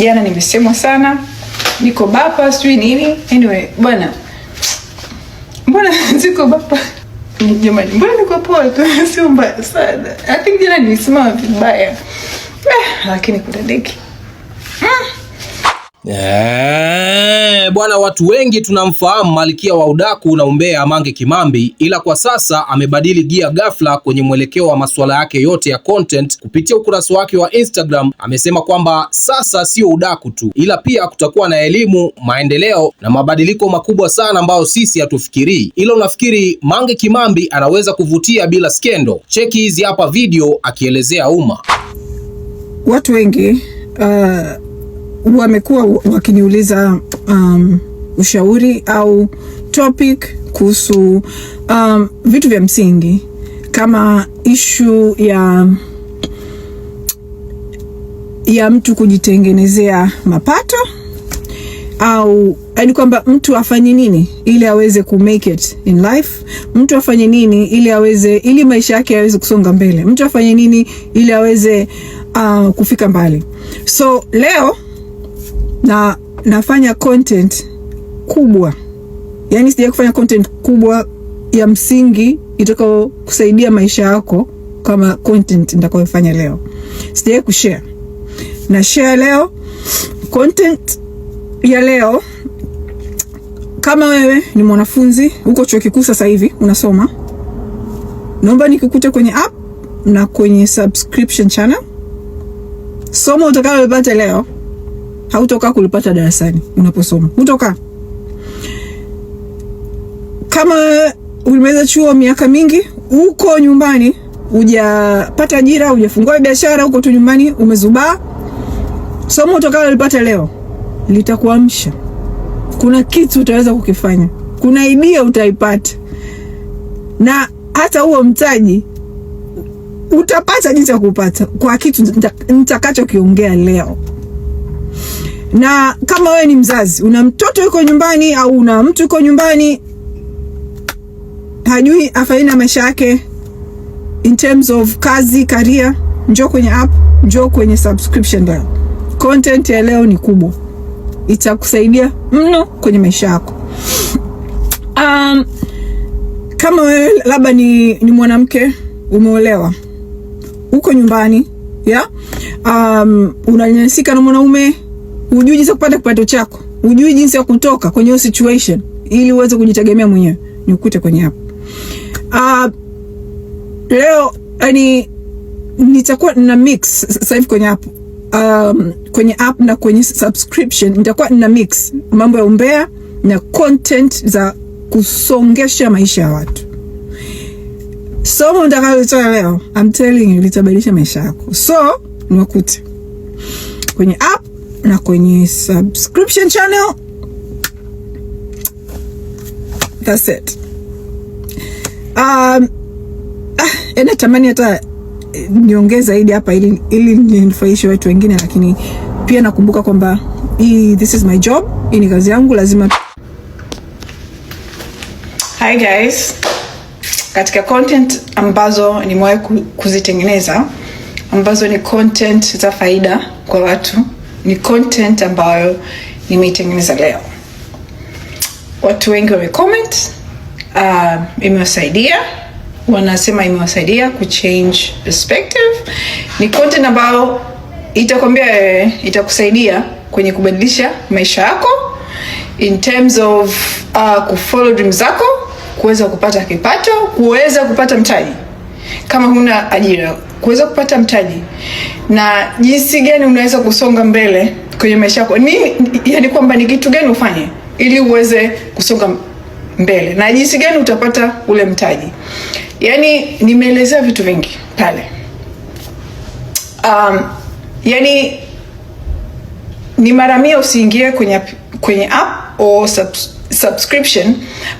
jana nimesemwa sana, niko bapa sijui nini. Anyway bwana, mbona ziko bapa jamani, mbona niko poa tu, sio mbaya sana. I think jana nilisimama vibaya, eh, lakini kuna deki hmm. Eee, bwana, watu wengi tunamfahamu malkia wa udaku na umbea Mange Kimambi, ila kwa sasa amebadili gia ghafla kwenye mwelekeo wa masuala yake yote ya content. Kupitia ukurasa wake wa Instagram amesema kwamba sasa sio udaku tu, ila pia kutakuwa na elimu, maendeleo na mabadiliko makubwa sana ambayo sisi hatufikirii. Ila unafikiri Mange Kimambi anaweza kuvutia bila skendo? Cheki hizi hapa video akielezea umma. Watu wengi uh wamekuwa wakiniuliza um, ushauri au topic kuhusu um, vitu vya msingi kama ishu ya ya mtu kujitengenezea mapato au yani kwamba mtu afanye nini ili aweze ku make it in life, mtu afanye nini ili aweze ili maisha yake aweze kusonga mbele, mtu afanye nini ili aweze uh, kufika mbali. So leo na nafanya content kubwa, yaani sija kufanya content kubwa ya msingi itakao kusaidia maisha yako kama content nitakayofanya leo. Sija kushare na share leo content ya leo. Kama wewe ni mwanafunzi uko chuo kikuu sasa hivi unasoma, naomba nikikuta kwenye app na kwenye subscription channel. Somo utakalopata leo hautokaa kulipata darasani unaposoma, hutoka kama ulimeza chuo miaka mingi, uko nyumbani, ujapata ajira, ujafungua biashara, uko tu nyumbani umezubaa, somo utakalo lipata leo litakuamsha. Kuna kitu utaweza kukifanya, kuna idea utaipata, na hata huo mtaji utapata jinsi ya kupata kwa kitu nitakachokiongea leo na kama wewe ni mzazi, una mtoto yuko nyumbani au una mtu yuko nyumbani hajui afanye na maisha yake in terms of kazi, career, njoo kwenye app, njoo kwenye subscription bell. Content ya leo ni kubwa, itakusaidia mno kwenye maisha yako. Um, kama wewe labda ni, ni mwanamke umeolewa, uko nyumbani yeah? Um, unanyanyasika na mwanaume Hujui jinsi ya kupata kipato chako, hujui jinsi ya kutoka kwenye hiyo situation ili uweze kujitegemea mwenyewe. Nikukute kwenye hapo. Uh, leo yani nitakuwa na mix sasa hivi kwenye hapo um, kwenye app na kwenye subscription nitakuwa na mix mambo ya umbea na content za kusongesha maisha ya watu. Somo nitakalotoa leo I'm telling you litabadilisha maisha yako, so niwakute kwenye app na kwenye subscription channel. That's it. Um, ah, eh, tamani hata niongee zaidi hapa ili, ili ninufaishe watu wengine, lakini pia nakumbuka kwamba hii this is my job, hii ni kazi yangu, lazima. Hi guys, katika content ambazo nimewahi kuzitengeneza ambazo ni content za faida kwa watu ni content ambayo nimeitengeneza leo. Watu wengi wamecomment, uh, imewasaidia wanasema imewasaidia change perspective. Ni content ambayo itakwambia wewe, eh, itakusaidia kwenye kubadilisha maisha yako in terms of uh, kufollow dream zako, kuweza kupata kipato, kuweza kupata mtaji kama huna ajira kuweza kupata mtaji na jinsi gani unaweza kusonga mbele kwenye maisha yako, ni yani kwamba ni kitu gani ufanye ili uweze kusonga mbele na jinsi gani utapata ule mtaji. Yani nimeelezea vitu vingi pale. Um, yani ni mara mia usiingie kwenye kwenye app au subs, subscription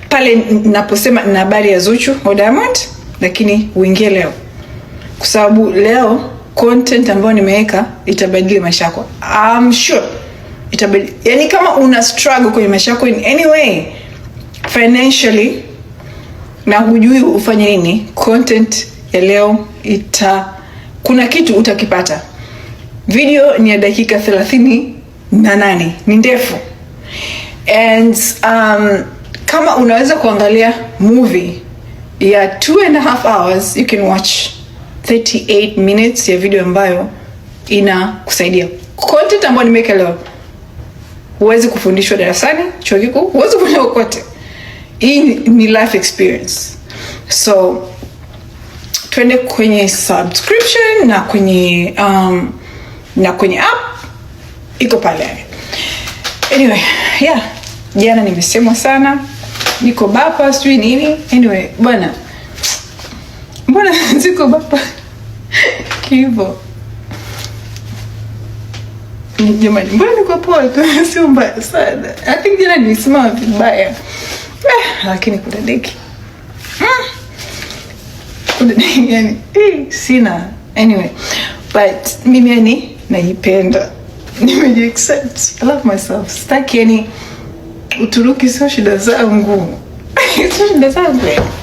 pale naposema na habari ya Zuchu au Diamond, lakini uingie leo kwa sababu leo content ambayo nimeweka itabadili maisha yako. I'm sure itabadili. Yani kama una struggle kwenye maisha yako in any way financially na hujui ufanye nini, content ya leo ita kuna kitu utakipata. Video ni ya dakika thelathini na nane ni ndefu and um, kama unaweza kuangalia movie ya two and a half hours you can watch 38 minutes ya video ambayo ina kusaidia content ambayo nimeweka leo. Huwezi kufundishwa darasani, chuo kikuu, huwezi kufundishwa kokote. Hii ni life experience. So twende kwenye subscription na kwenye um, na kwenye app iko pale. Yaani. Anyway, yeah, jana nimesemwa sana, niko bapa sijui nini. Anyway bwana ziko kivo jamani, mbona niko poa tu, sio mbaya sana. I think jana nilisimama vibaya eh, lakini kudadeki mm. kudadeki yani eh, sina anyway, but mimi yani naipenda, nimeji accept I love myself. Sitaki yani Uturuki sio shida zangu sio shida zangu